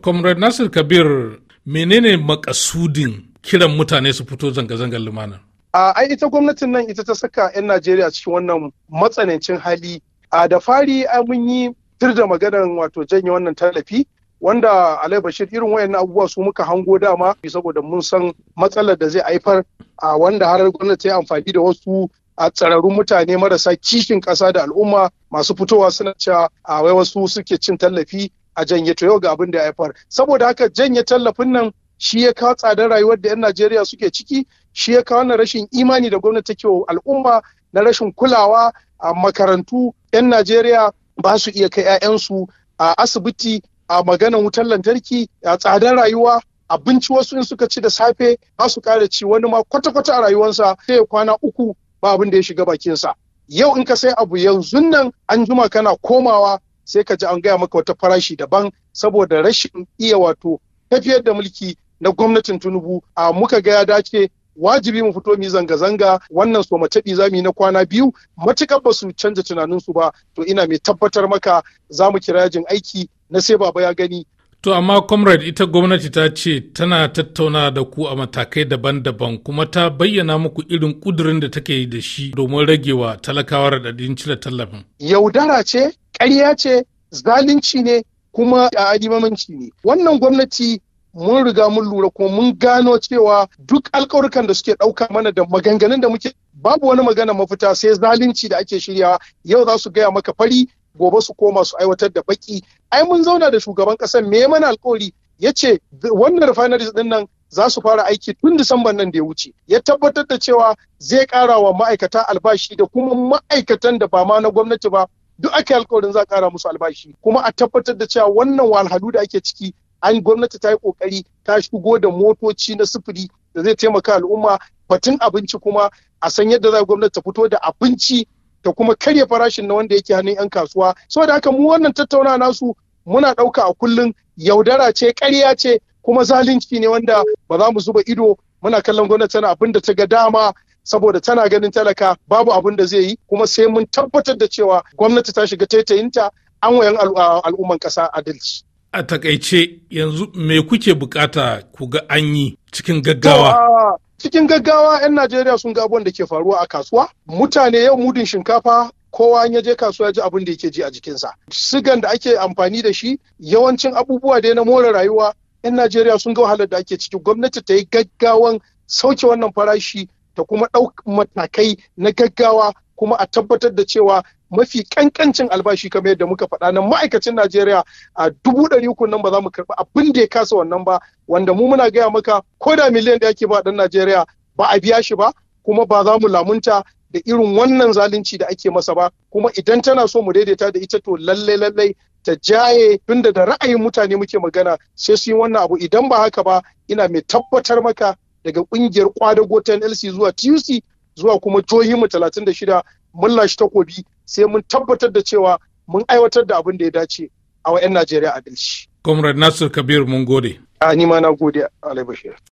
Comrade Nasir Kabir menene makasudin kiran mutane su fito zanga-zangar lumana? A ai ita gwamnatin nan ita ta saka 'yan Najeriya cikin wannan matsanancin hali. A da fari mun yi tur da maganar wato janye wannan tallafi wanda Alai Bashir irin wayannan abubuwa su muka hango dama saboda mun san matsalar da zai haifar a wanda har gwamnati ya amfani da wasu a tsararrun mutane marasa kishin ƙasa da al'umma masu fitowa suna cewa a wai wasu suke cin tallafi a janye to yau ga abin da ya haifar saboda haka janye tallafin nan shi ya kawo tsadar rayuwar da 'yan Najeriya suke ciki shi ya kawo na rashin imani da gwamnati take wa al'umma na rashin kulawa a makarantu 'yan Najeriya ba su iya kai 'ya'yansu a asibiti a maganan wutar lantarki a tsadar rayuwa abinci wasu in suka ci da safe ba su kare ci wani ma kwata-kwata a rayuwarsa sai ya kwana uku ba abin da ya shiga bakinsa yau in ka sai abu yanzu nan an juma kana komawa sai ka ji an gaya maka wata farashi daban saboda rashin iya wato tafiyar da mulki na gwamnatin tunubu. a muka ga dace wajibi mu fito mu zanga-zanga wannan so mace za mu yi na kwana biyu matukar ba su canza tunaninsu ba to ina mai tabbatar maka za mu kira yajin aiki na sai baba ya gani To amma comrade ita gwamnati ta ce tana tattauna da ku a matakai daban-daban kuma ta bayyana muku irin kudurin da take yi da shi domin ragewa talakawa raɗaɗin cire tallafin. Yaudara ce ƙarya ce zalunci ne kuma a adimamanci ne wannan gwamnati mun riga mun lura kuma mun gano cewa duk alkawarkan da suke ɗauka mana da maganganun da muke babu wani magana mafita sai zalunci da ake shiryawa yau za su gaya maka fari gobe su koma su aiwatar da baki ai mun zauna da shugaban ƙasar me mana alkawari ya ce wannan refineries din nan za su fara aiki tun disamban nan da ya wuce ya tabbatar da cewa zai ƙara wa ma'aikata albashi da kuma ma'aikatan da ba ma na gwamnati ba duk aka yi alkawarin za a kara musu albashi kuma a tabbatar da cewa wannan wahalhalu da ake ciki an gwamnati ta yi kokari ta shigo da motoci na sufuri da zai taimaka al'umma batun abinci kuma a san yadda za gwamnati ta fito da abinci da kuma karya farashin na wanda yake hannun 'yan kasuwa saboda haka mu wannan tattauna nasu muna ɗauka a kullum yaudara ce ƙarya ce kuma zalunci ne wanda ba za mu zuba ido muna kallon gwamnati tana abin da ta ga dama saboda tana ganin talaka babu abin da zai yi kuma sai mun tabbatar da cewa gwamnati ta shiga taitayinta an wayan al'umman ƙasa adalci. A takaice yanzu me kuke bukata ku ga an yi cikin gaggawa? Cikin gaggawa 'yan Najeriya sun ga da ke faruwa a kasuwa. Mutane yau mudin shinkafa kowa ya je kasuwa ya ji abin da yake ji a jikinsa. Sigan da ake amfani da shi yawancin abubuwa dai na more rayuwa 'yan Najeriya sun ga wahalar da ake ciki gwamnati ta yi gaggawan sauke wannan farashi ta kuma ɗaukar matakai na gaggawa kuma a tabbatar da cewa mafi ƙanƙancin albashi kamar yadda muka faɗa nan ma'aikacin Najeriya a dubu ɗari uku nan ba za mu karɓi abin da ya kasa wannan ba wanda mu muna gaya maka ko da miliyan da ake ba ɗan Najeriya ba a biya shi ba kuma ba za mu lamunta da irin wannan zalunci da ake masa ba kuma idan tana so mu daidaita da ita to lallai lallai ta jaye tunda da ra'ayin mutane muke magana sai su yi wannan abu idan ba haka ba ina mai tabbatar maka daga kungiyar kwadago ta NLC zuwa TUC zuwa kuma talatin da shida, mun lashe takobi sai mun tabbatar da cewa mun aiwatar da abin da ya dace a wa 'yan Najeriya adalci. Comrade Nasir Kabir mun gode. A ni ma na gode Alai Bashir.